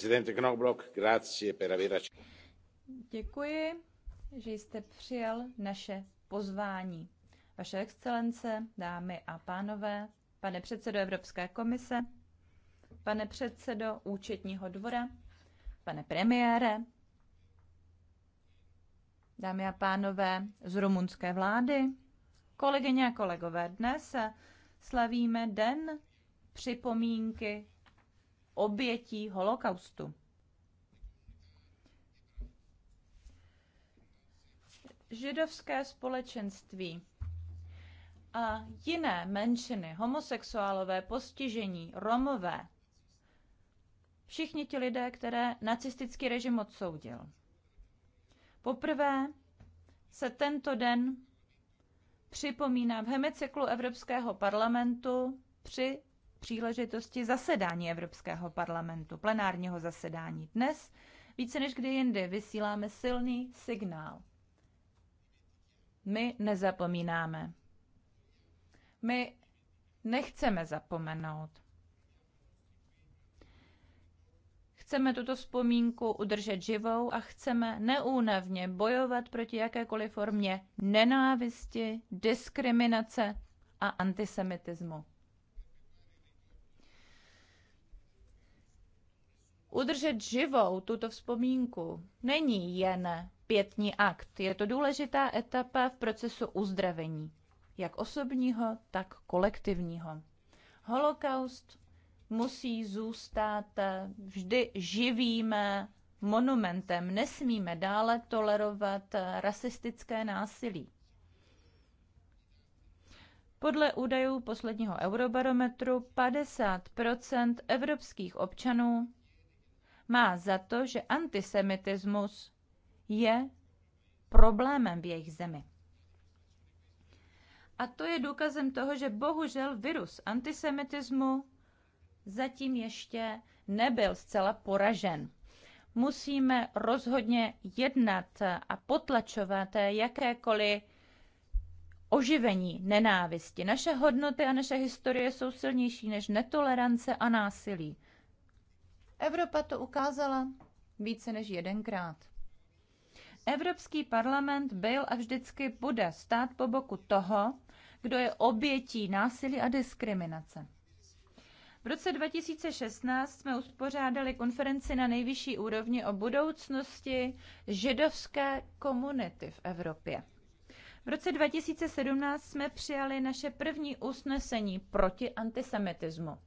Presidente Knobloch, grazie per aver Děkuji, že jste přijal naše pozvání. Vaše excelence, dámy a pánové, pane předsedo Evropské komise, pane předsedo účetního dvora, pane premiére, dámy a pánové z rumunské vlády, kolegyně a kolegové, dnes slavíme den připomínky obětí holokaustu. Židovské společenství a jiné menšiny, homosexuálové, postižení, romové, všichni ti lidé, které nacistický režim odsoudil. Poprvé se tento den připomíná v hemicyklu Evropského parlamentu při příležitosti zasedání Evropského parlamentu, plenárního zasedání. Dnes více než kdy jindy vysíláme silný signál. My nezapomínáme. My nechceme zapomenout. Chceme tuto vzpomínku udržet živou a chceme neúnavně bojovat proti jakékoliv formě nenávisti, diskriminace a antisemitismu. Udržet živou tuto vzpomínku není jen pětní akt, je to důležitá etapa v procesu uzdravení, jak osobního, tak kolektivního. Holokaust musí zůstat eh, vždy živým eh, monumentem. Nesmíme dále tolerovat eh, rasistické násilí. Podle údajů posledního eurobarometru 50 evropských občanů má za to, že antisemitismus je problémem v jejich zemi. A to je důkazem toho, že bohužel virus antisemitismu zatím ještě nebyl zcela poražen. Musíme rozhodně jednat a potlačovat jakékoliv oživení nenávisti. Naše hodnoty a naše historie jsou silnější než netolerance a násilí. Evropa to ukázala více než jedenkrát. Evropský parlament byl a vždycky bude stát po boku toho, kdo je obětí násilí a diskriminace. V roce 2016 jsme uspořádali konferenci na nejvyšší úrovni o budoucnosti židovské komunity v Evropě. V roce 2017 jsme přijali naše první usnesení proti antisemitismu.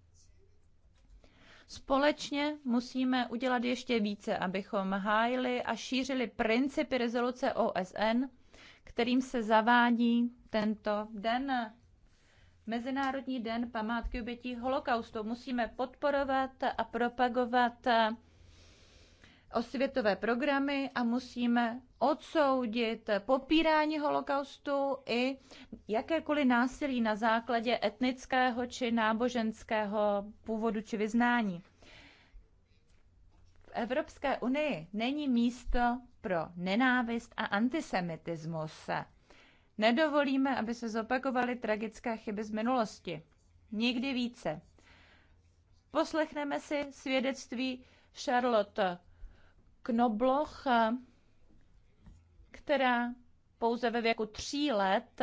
Společně musíme udělat ještě více, abychom hájili a šířili principy rezoluce OSN, kterým se zavádí tento den. Mezinárodní den památky obětí holokaustu musíme podporovat a propagovat osvětové programy a musíme odsoudit popírání holokaustu i jakékoliv násilí na základě etnického či náboženského původu či vyznání. V Evropské unii není místo pro nenávist a antisemitismus. Nedovolíme, aby se zopakovaly tragické chyby z minulosti. Nikdy více. Poslechneme si svědectví Charlotte Knobloch, eh, která pouze ve věku tří let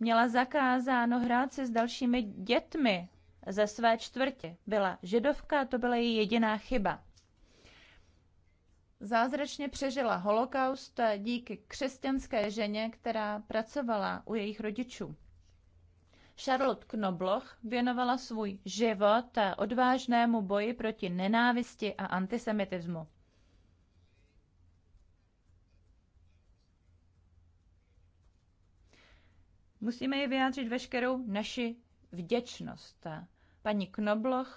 měla zakázáno hrát se s dalšími dětmi ze své čtvrti. Byla židovka a to byla její jediná chyba. Zázračně přežila holokaust díky křesťanské ženě, která pracovala u jejich rodičů. Charlotte Knobloch věnovala svůj život odvážnému boji proti nenávisti a antisemitismu. Musíme ji vyjádřit veškerou naši vděčnost. Paní Knobloch,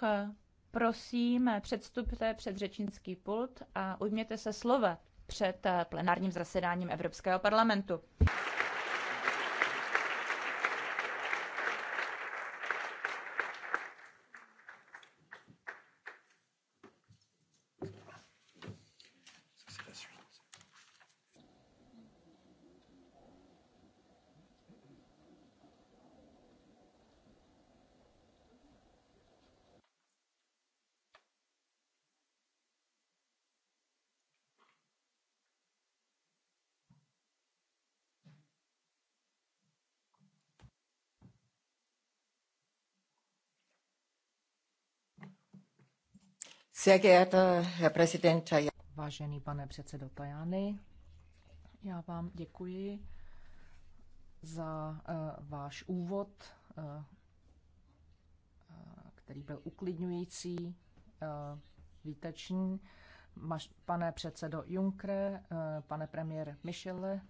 prosím, předstupte před řečnický pult a ujměte se slova před plenárním zasedáním Evropského parlamentu. Vážený pane předsedo Tajany, já vám děkuji za uh, váš úvod, uh, který byl uklidňující, uh, výtečný. Maš, pane předsedo Juncker, uh, pane premiér Michele, uh,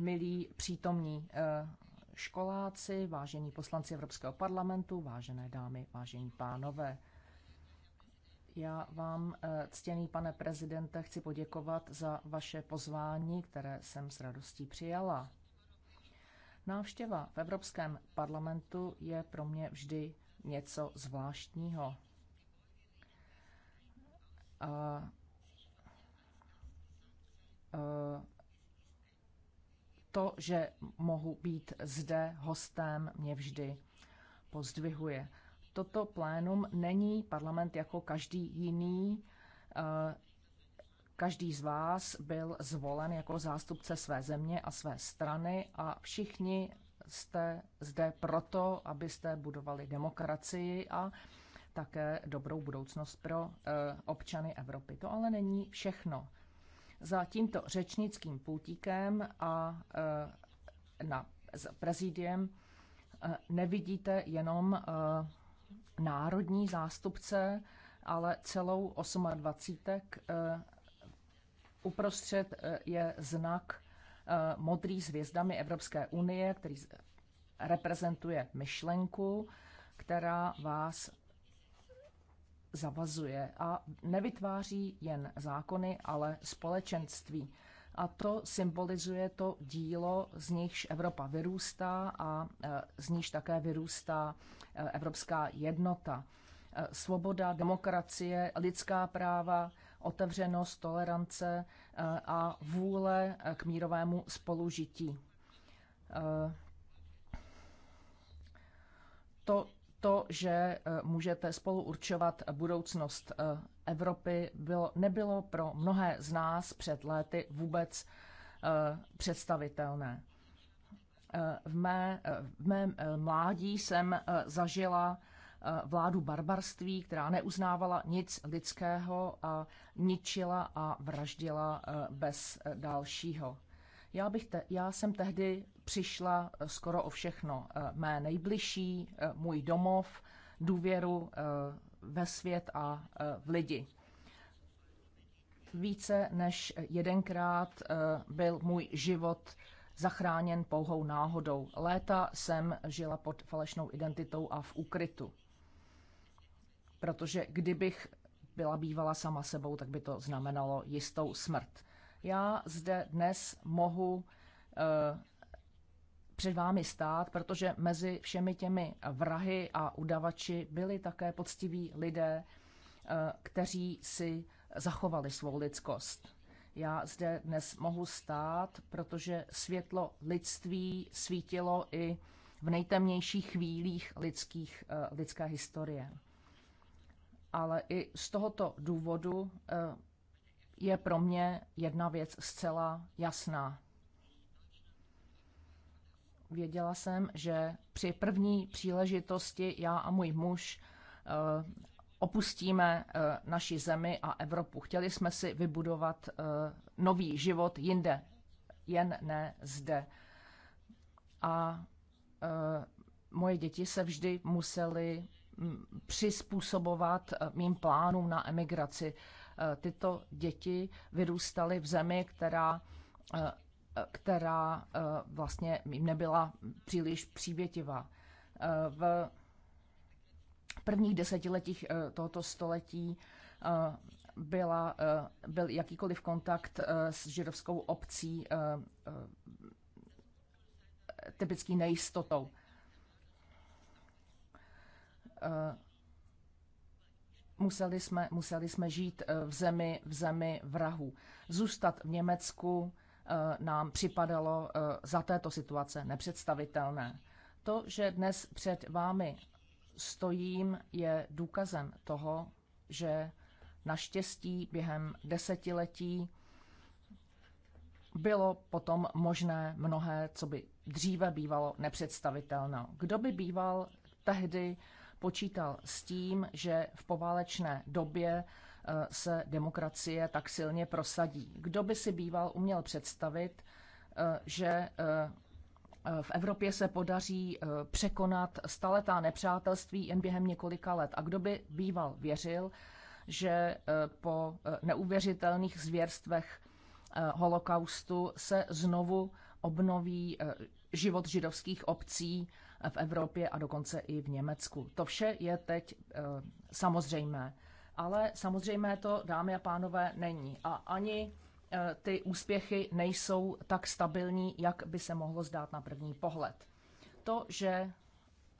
milí přítomní uh, školáci, vážení poslanci Evropského parlamentu, vážené dámy, vážení pánové. Já vám, eh, ctěný pane prezidente, chci poděkovat za vaše pozvání, které jsem s radostí přijala. Návštěva v Evropském parlamentu je pro mě vždy něco zvláštního. A, a, eh, to, že mohu být zde hostem, mě vždy pozdvihuje toto plénum není parlament jako každý jiný. Eh, každý z vás byl zvolen jako zástupce své země a své strany a všichni jste zde proto, abyste budovali demokracii a také dobrou budoucnost pro eh, občany Evropy. To ale není všechno. Za tímto řečnickým pultíkem a eh, na prezidiem nevidíte jenom národní zástupce, ale celou 28. Eh, uprostřed eh, je znak eh, modrý s hvězdami Evropské unie, který reprezentuje myšlenku, která vás zavazuje a nevytváří jen zákony, ale společenství a to symbolizuje to dílo, z nichž Evropa vyrůstá a e, z níž také vyrůstá e, evropská jednota. E, svoboda, demokracie, lidská práva, otevřenost, tolerance a vůle k mírovému spolužití. To to, že eh, můžete spolu určovat budoucnost eh, Evropy, bylo, nebylo pro mnohé z nás před léty vůbec eh, představitelné. V, mé, v mém mládí jsem zažila vládu barbarství, která neuznávala nic lidského a ničila a vraždila bez dalšího. Já, bych te, já jsem tehdy přišla eh, skoro o všechno. Eh, mé nejbližší, eh, můj domov, důvěru ve svět a v lidi. Více než jedenkrát byl můj život zachráněn pouhou náhodou. Léta jsem žila pod falešnou identitou a v úkrytu. Protože kdybych byla bývala sama sebou, tak by to znamenalo jistou smrt já zde dnes mohu eh, před vámi stát, protože mezi všemi těmi vrahy a udavači byli také poctiví lidé, eh, kteří si zachovali svou lidskost. Já zde dnes mohu stát, protože světlo lidství svítilo i v nejtemnějších chvílích lidských, eh, lidské historie. Ale i z tohoto důvodu je pro mě jedna věc zcela jasná. Věděla jsem, že při první příležitosti já a můj muž eh, opustíme eh, naši zemi a Evropu. Chtěli jsme si vybudovat eh, nový život jinde, jen ne zde. A moje děti se vždy museli mm, přizpůsobovat mým plánům na emigraci. Eh, tyto děti vyrůstaly v zemi, která eh, která eh, vlastně jim nebyla příliš přívětivá. V prvních desetiletích tohoto století byla, byl jakýkoliv kontakt s židovskou obcí typický nejistotou Museli jsme, museli jsme žít eh, v zemi, v zemi vrahu. Zůstat v Německu eh, nám připadalo eh, za této situace nepředstavitelné. To, že dnes před vámi stojím, je důkazem toho, že naštěstí během desetiletí bylo potom možné mnohé, co by dříve bývalo nepředstavitelné. Kdo by býval tehdy počítal s tím, že v poválečné době eh, se demokracie tak silně prosadí. Kdo by si býval uměl představit, eh, že eh, v Evropě se podaří překonat staletá nepřátelství jen během několika let. A kdo by býval věřil, že po neuvěřitelných zvěrstvech holokaustu se znovu obnoví život židovských obcí v Evropě a dokonce i v Německu. To vše je teď eh, samozřejmé. Ale samozřejmé to, dámy a pánové, není. A ani eh, ty úspěchy nejsou tak stabilní, jak by se mohlo zdát na první pohled. To, že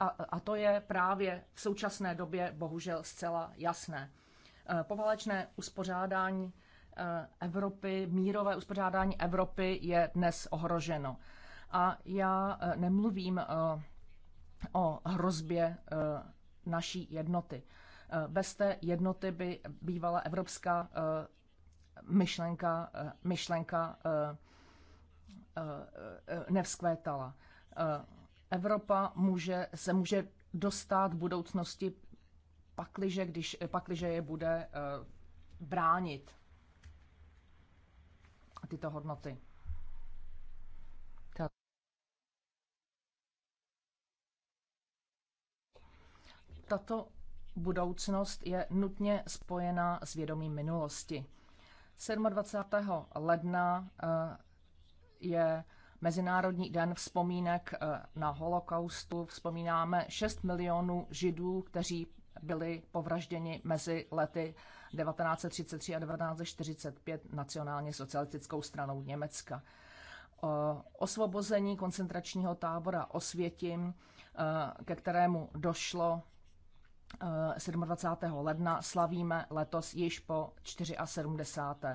a, a to je právě v současné době bohužel zcela jasné. Eh, Povalečné uspořádání Evropy, mírové uspořádání Evropy je dnes ohroženo. A já nemluvím o hrozbě e, naší jednoty. E, bez té jednoty by bývala evropská e, myšlenka, myšlenka nevzkvétala. Evropa může, se může dostat budoucnosti pakliže, když, pakliže je bude bránit tyto hodnoty. tato budoucnost je nutně spojená s vědomím minulosti. 27. ledna eh, je Mezinárodní den vzpomínek eh, na holokaustu. Vzpomínáme 6 milionů židů, kteří byli povražděni mezi lety 1933 a 1945 nacionálně socialistickou stranou Německa. Osvobození koncentračního tábora Osvětim, eh, ke kterému došlo 27. Eh, ledna slavíme letos již po 74.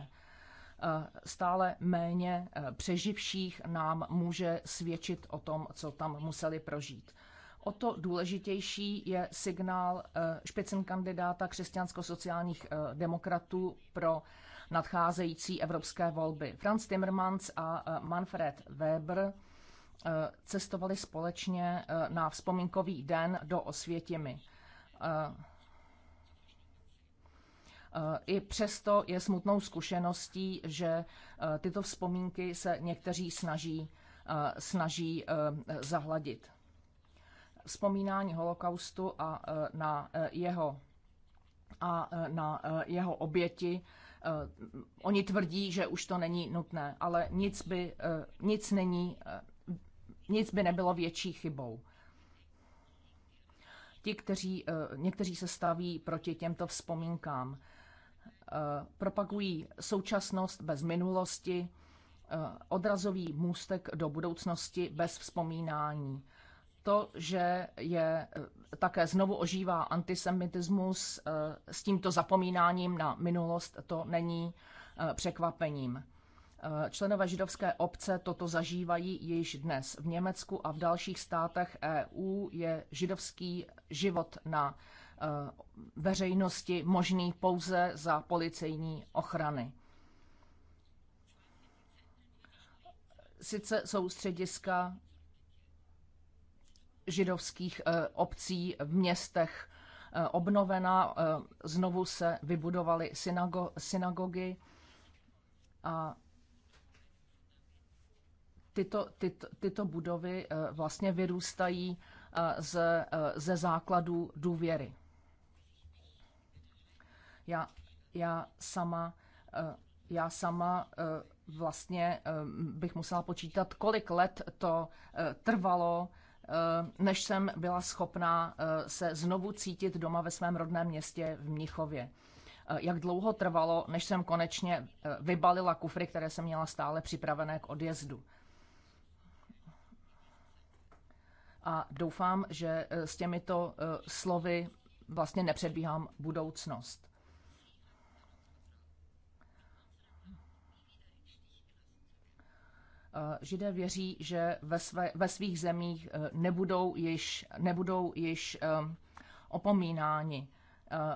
Eh, stále méně eh, přeživších nám může svědčit o tom, co tam museli prožít. O to důležitější je signál špicen kandidáta křesťansko-sociálních demokratů pro nadcházející evropské volby. Franz Timmermans a Manfred Weber cestovali společně na vzpomínkový den do Osvětimi. Eh, eh, I přesto je smutnou zkušeností, že eh, tyto vzpomínky se někteří snaží, snaží zahladit. Vzpomínání holokaustu a na jeho, a na jeho oběti Oni tvrdí, že už to není nutné, ale nic by, nic není, nic by nebylo větší chybou ti, kteří, eh, někteří se staví proti těmto vzpomínkám. Eh, propagují současnost bez minulosti, eh, odrazový můstek do budoucnosti bez vzpomínání. To, že je také znovu ožívá antisemitismus s tímto zapomínáním na minulost, to není překvapením. Eh, členové židovské obce toto zažívají již dnes. V Německu a v dalších státech EU je židovský život na eh, veřejnosti možný pouze za policejní ochrany. Sice jsou střediska židovských eh, obcí v městech obnovena, znovu se vybudovaly synago- synagogy a tyto, tyto, tyto budovy eh, vlastně vyrůstají eh, ze, eh, ze základů důvěry. Já, já sama, já sama vlastně bych musela počítat, kolik let to trvalo, než jsem byla schopná se znovu cítit doma ve svém rodném městě v Mnichově. Jak dlouho trvalo, než jsem konečně vybalila kufry, které jsem měla stále připravené k odjezdu. a doufám, že eh, s těmito eh, slovy vlastně nepředbíhám budoucnost. Eh, Židé věří, že ve, své, ve svých zemích nebudou již, nebudou již opomínáni,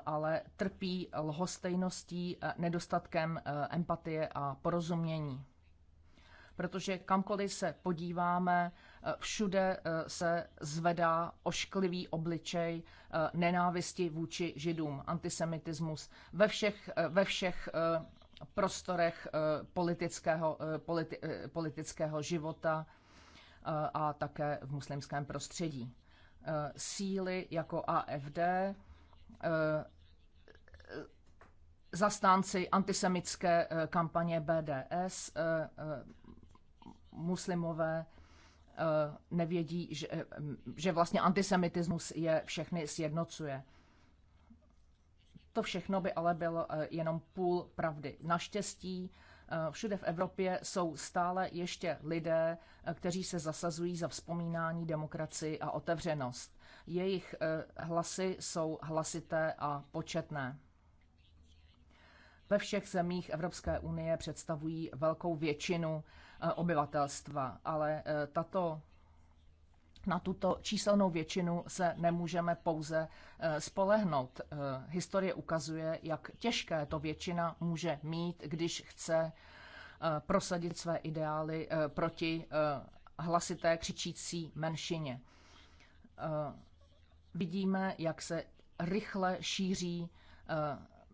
ale trpí lhostejností, nedostatkem empatie a porozumění protože kamkoliv se podíváme, eh, všude eh, se zvedá ošklivý obličej eh, nenávisti vůči židům, antisemitismus ve všech, ve všech prostorech politického, politi, politického života a také v muslimském prostředí. Síly jako AFD, zastánci antisemické kampaně BDS, muslimové eh, nevědí, že, eh, že vlastně antisemitismus je všechny sjednocuje. To všechno by ale bylo eh, jenom půl pravdy. Naštěstí všude v Evropě jsou stále ještě lidé, kteří se zasazují za vzpomínání demokracii a otevřenost. Jejich hlasy jsou hlasité a početné ve všech zemích Evropské unie představují velkou většinu eh, obyvatelstva, ale eh, tato na tuto číselnou většinu se nemůžeme pouze eh, spolehnout. Historie ukazuje, jak těžké to většina může mít, když chce prosadit své ideály proti hlasité křičící menšině. Vidíme, jak se rychle šíří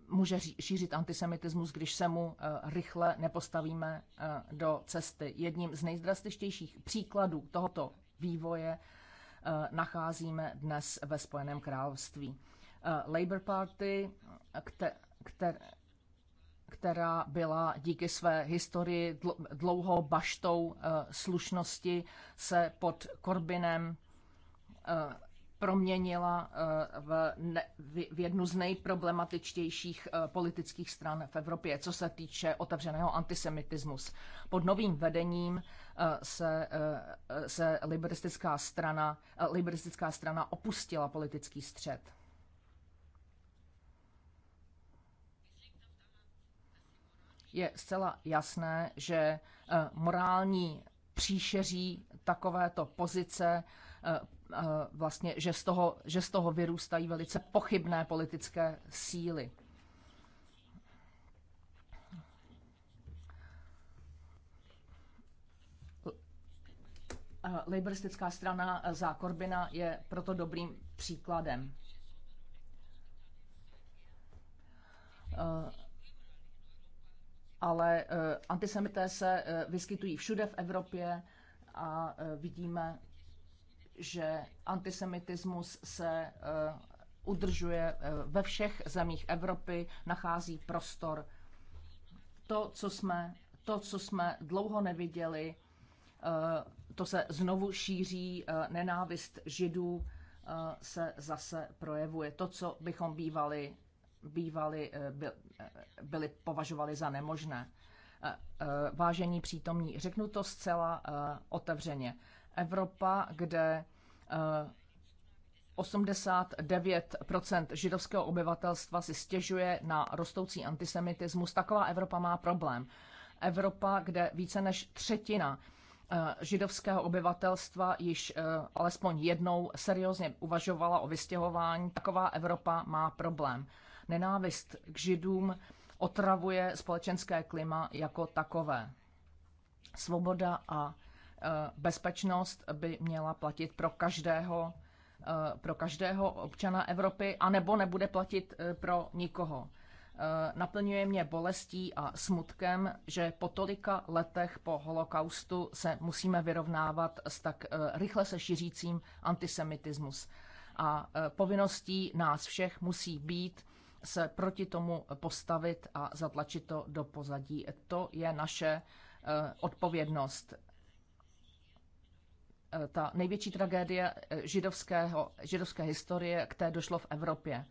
může šířit antisemitismus, když se mu eh, rychle nepostavíme eh, do cesty. Jedním z nejdrastičtějších příkladů tohoto vývoje eh, nacházíme dnes ve Spojeném království. Labour Party, která byla díky své historii dlouhou baštou slušnosti, se pod Korbinem proměnila eh, v, ne, v jednu z nejproblematičtějších eh, politických stran v Evropě, co se týče otevřeného antisemitismus. Pod novým vedením eh, se, se liberistická, strana, liberistická strana opustila politický střed. Je zcela jasné, že morální příšeří takovéto pozice Eh, vlastně, že z toho, že z toho vyrůstají velice pochybné politické síly. Eh, Liberistická strana za Korbina je proto dobrým příkladem. Eh, ale antisemité se vyskytují všude v Evropě a vidíme že antisemitismus se eh, udržuje eh, ve všech zemích Evropy, nachází prostor. To, co jsme, to, co jsme dlouho neviděli, eh, to se znovu šíří, nenávist židů se zase projevuje. To, co bychom bývali, bývali byli považovali za nemožné. Vážení přítomní, řeknu to zcela otevřeně. Evropa, kde 89 eh, židovského obyvatelstva si stěžuje na rostoucí antisemitismus, taková Evropa má problém. Evropa, kde více než třetina eh, židovského obyvatelstva již eh, alespoň jednou seriózně uvažovala o vystěhování, taková Evropa má problém. Nenávist k židům otravuje společenské klima jako takové. Svoboda a Eh, bezpečnost by měla platit pro každého, eh, pro každého občana Evropy, anebo nebude platit eh, pro nikoho. Naplňuje mě bolestí a smutkem, že po tolika letech po holokaustu se musíme vyrovnávat s tak rychle se šířícím antisemitismus. A povinností nás všech musí být se proti tomu postavit a zatlačit to do pozadí. To je naše odpovědnost. Eh, ta největší tragédie eh, židovského, židovské historie, které došlo v Evropě.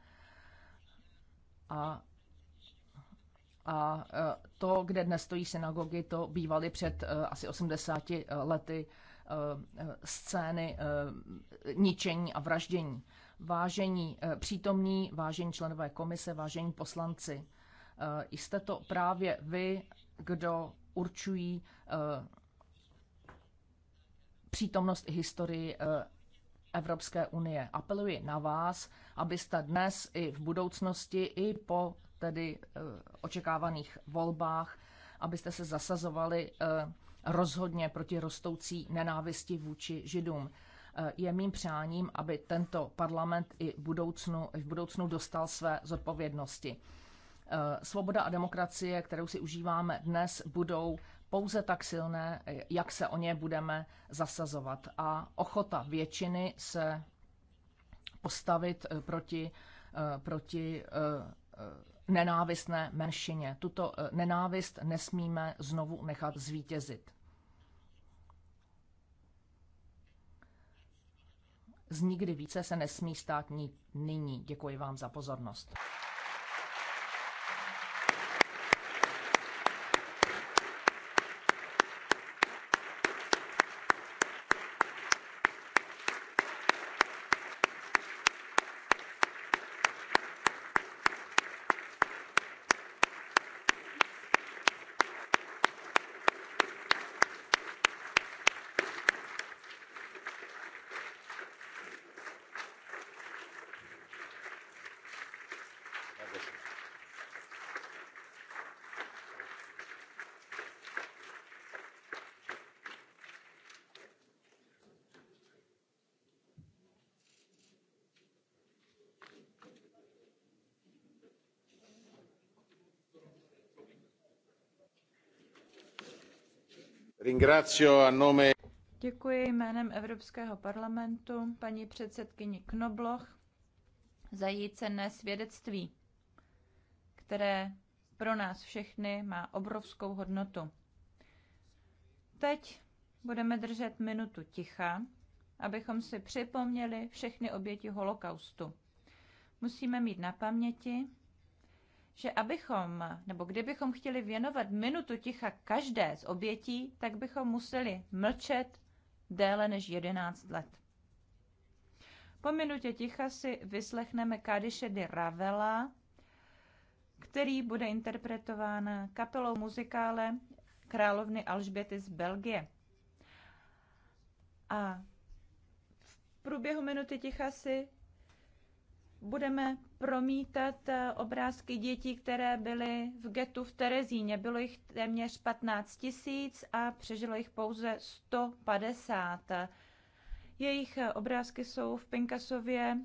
A, a eh, to, kde dnes stojí synagogy, to bývaly před asi 80 lety scény ničení a vraždění. Vážení přítomní, vážení členové komise, vážení poslanci, jste to právě vy, kdo určují přítomnost i historii eh, Evropské unie. Apeluji na vás, abyste dnes i v budoucnosti, i po tedy eh, očekávaných volbách, abyste se zasazovali eh, rozhodně proti rostoucí nenávisti vůči židům. Je mým přáním, aby tento parlament i v budoucnu, v budoucnu dostal své zodpovědnosti. Svoboda a demokracie, kterou si užíváme dnes, budou pouze tak silné, jak se o ně budeme zasazovat. A ochota většiny se postavit eh, proti, eh, proti eh, nenávistné menšině. Tuto nenávist nesmíme znovu nechat zvítězit. Z nikdy více se nesmí stát nyní. Děkuji vám za pozornost. Děkuji jménem Evropského parlamentu paní předsedkyni Knobloch za její cenné svědectví, které pro nás všechny má obrovskou hodnotu. Teď budeme držet minutu ticha, abychom si připomněli všechny oběti holokaustu. Musíme mít na paměti, že abychom, nebo kdybychom chtěli věnovat minutu ticha každé z obětí, tak bychom museli mlčet déle než 11 let. Po minutě ticha si vyslechneme Kadiše de Ravela, který bude interpretován kapelou muzikále královny Alžběty z Belgie. A v průběhu minuty ticha si budeme promítat eh, obrázky dětí, které byly v getu v Terezíně. Bylo jich téměř 15 tisíc a přežilo jich pouze 150. Jejich eh, obrázky jsou v Pinkasově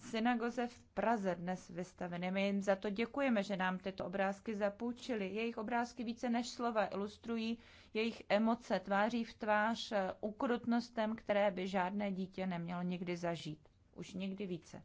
synagoze v Praze dnes vystaveny. My jim za to děkujeme, že nám tyto obrázky zapůjčili. Jejich obrázky více než slova ilustrují jejich emoce tváří v tvář eh, ukrutnostem, které by žádné dítě nemělo nikdy zažít. Už nikdy více.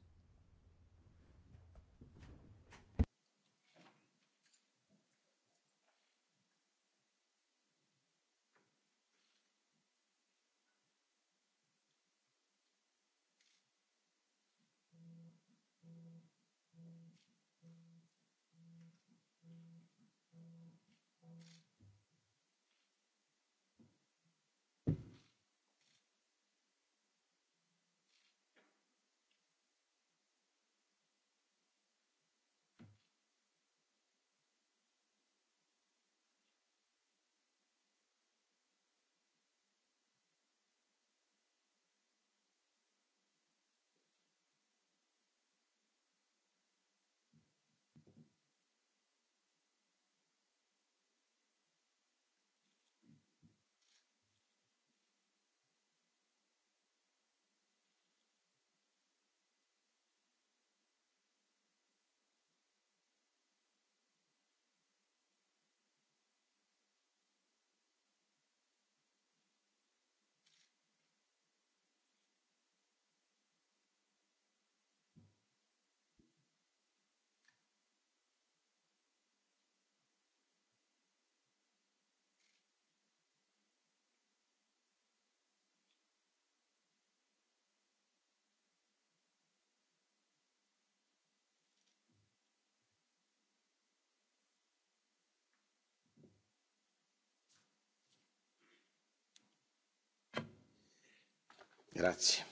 grazie.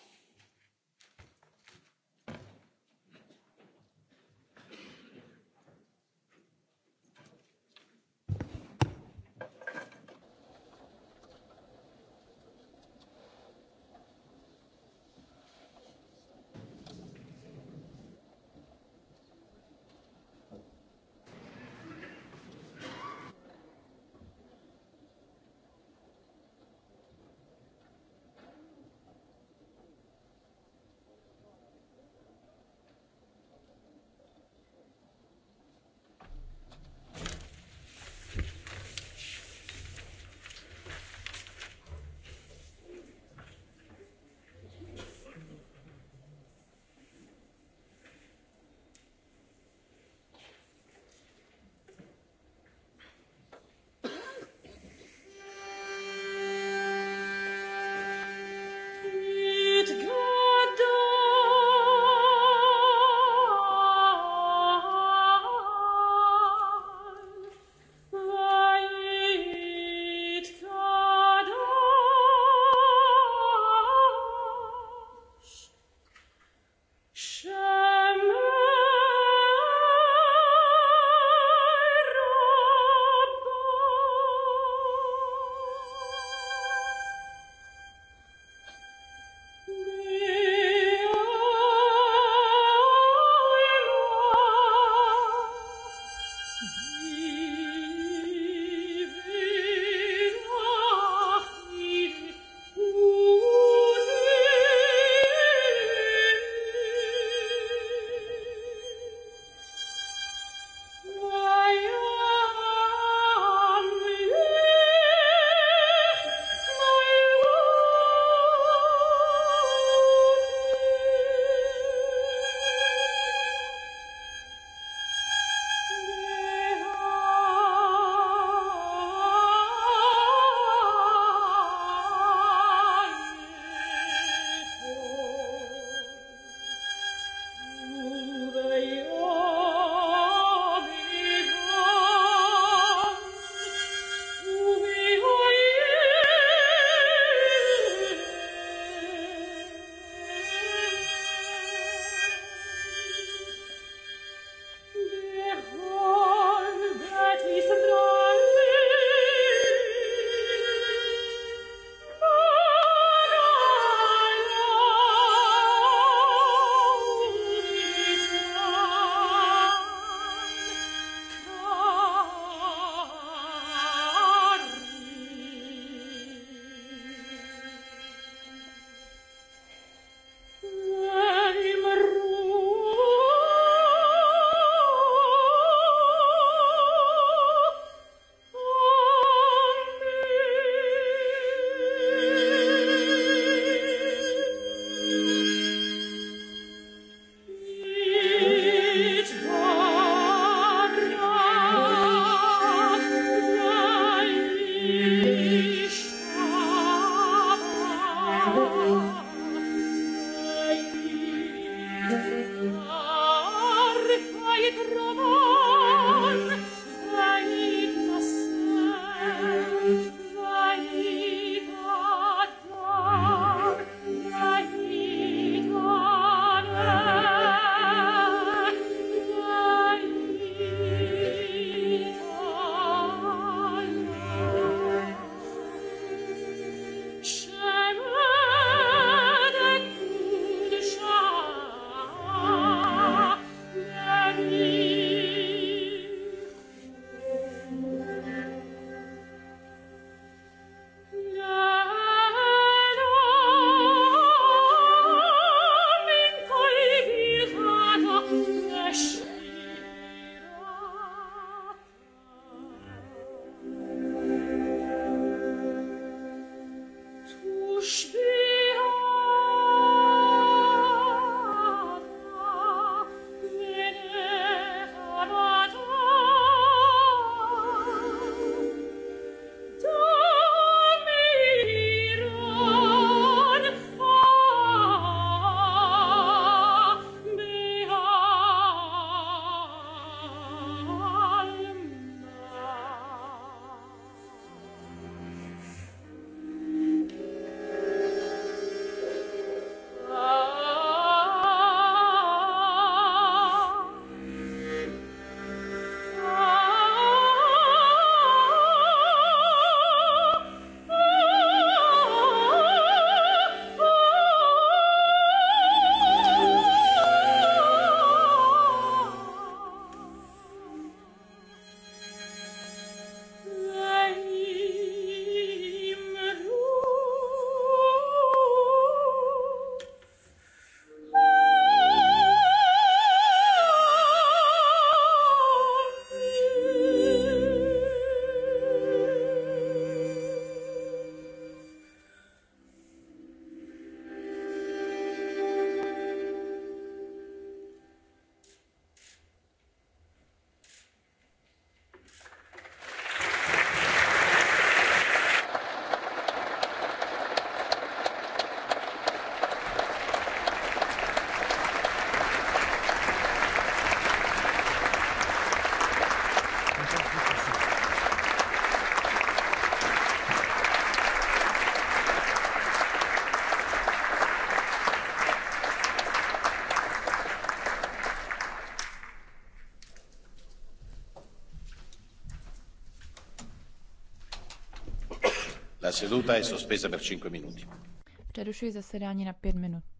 La seduta è sospesa per 5 minuti. Přerušuji zasedání na pět minut.